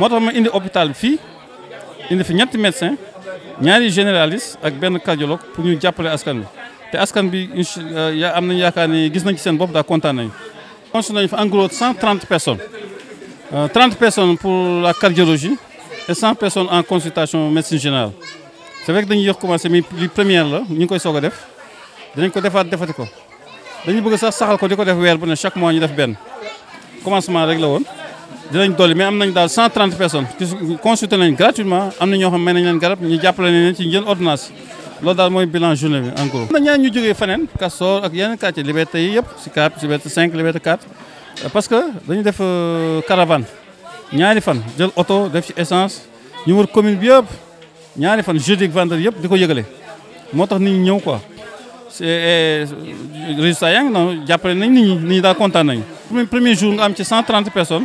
moi dans mon hôpital fi il y a des médecins des généralistes ak ben cardiologue pour nous jappeler à bi té askan bi euh, ya amna yakane gis nañ ci sen bop da on en gros 130 personnes 30 euh, personnes pour la cardiologie et 100 personnes en consultation médecine générale c'est vrai que dañuy avons mais les premières là ñu koy soga def dañ ko Nous avons ko dañuy bëgg sax saxal ko diko def wër bu ne chaque mois ñu def ben commencement rek la dinañ dolli mais am nañ daal 130 personnes consulté nañ gratuitement am na ñoo xam may nañ leen garab ñu jàppale leen ci njël ordonnance loolu daal mooy bilan journée bi en gros. ñaan ñu jógee feneen Castor ak yeneen quartier liberté yi yëpp si cap liberté 5 liberté 4 parce que dañu def euh, caravane ñaari fan jël oto def ci essence ñu wër commune bi yëpp ñaari fan jeudi ak vendredi yëpp di ko yëgale moo tax nit ñi ñëw quoi c'est euh, résultat yaa ngi noonu jàppale nañ nit ñi nit ñi daal kontaan nañu. premier jour nga am ci 130 personnes.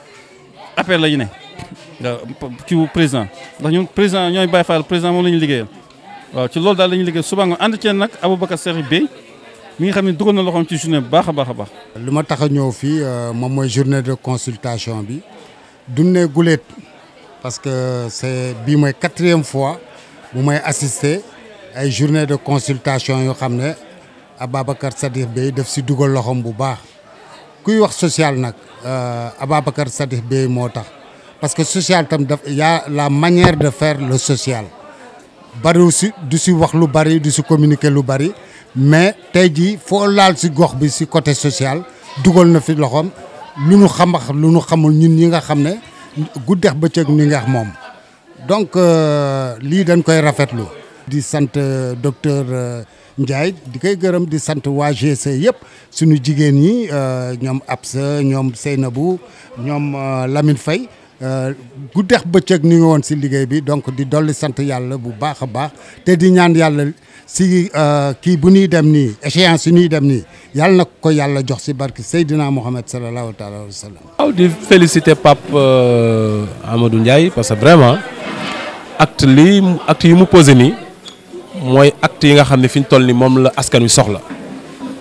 appel la présent. ne ci président ndax ñun président président ci suba nga mi journée bu baax a baax a journée de consultation bi suis guleet parce que c'est bii quatrième fois bu may à ay journée de consultation yoo xam ne si dugal bu kuy wax social nag euh, Ababacar Sadikh Bèye moo tax parce que social tam daf a la manière de faire le social bariwul si du si wax lu bari du si communiquer lu bari mais tey jii foo laal si gox bi si côté social dugol na fi loxom lu nu xam lu nu xamul ñun ñi nga xam ne guddeex bëccëg nga ngeex mom donc euh, li dañ koy rafetlu. di sante euh, docteur. Euh, Ndiaye di koy gërëm di sant waa GC yëpp suñu jigéen ñi euh, ñoom Absa ñoom Seynabou ñoom euh, Lamine Faye euh, guddeex bëccëg ñu ngi woon si liggéey bi donc di dolli sant yàlla bu baax a baax te di ñaan yàlla si kii bu ñuy dem nii échéance yi ñuy dem nii yàlla na ko yàlla jox si barke Seydina Mohamed sallallahu alayhi wa sallam. waaw di féliciter Pape Amadou Ndiaye parce que vraiment acte lii acte yi mu posé nii. mooy acte yi nga xam ne fi ñu toll ni moom la askan wi soxla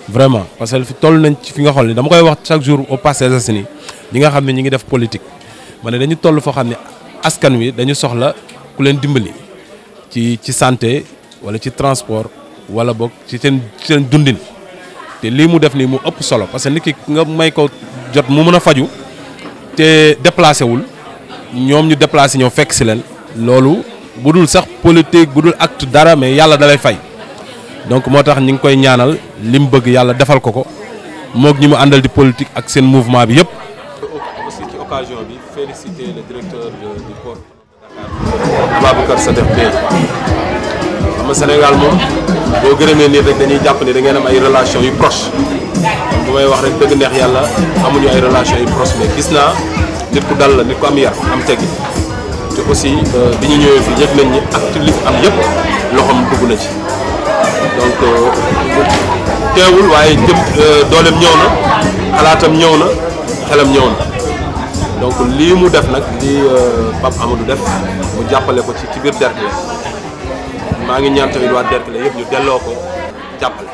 vraiment parce que fi toll nañ ci fi nga xool ni dama koy wax chaque jour au passé ni ñi nga xam ne ñi ngi def politique ma ne dañu toll foo xam ne askan wi dañu soxla ku leen dimbali ci ci santé wala ci transport wala boog ci seen seen dundin te lii mu def nii mu ëpp solo parce que nit ki nga may ko jot mu mën a faju te déplacé wul ñoom ñu déplacé ñoo fekk si leen loolu bu sax politique bu acte dara mais yalla dalay fay donc motax tax ñi koy ñaanal lim bëgg yalla defal ko ko moog ñi mu àndal di politique ak seen mouvement bi yépp aussi ci occasion bi féliciter le directeur du port Dakar Babacar Sadikh Bèye xam nga Sénégal moom bo gërëmé nii rek dañuy japp ne da ngeen am ay relation yu proche bu may wax rek dëgg neex yàlla amuñu ay relation yu proche mais gis naa nit ku dal la nit ku am yar am teggi aussi euh, bi ñu ñëwee fii yëg nañ ni acte li am yëpp loxoom dugg na ci donc euh, teewul waaye jëm euh, dooleem ñëw na xalaatam ñëw na xelam ñëw na donc lii mu def nag lii Pape Amadou def mu jàppale ko ci ci biir Derklé maa ngi ñaan tamit waa Derklé yëpp ñu delloo ko jàppale.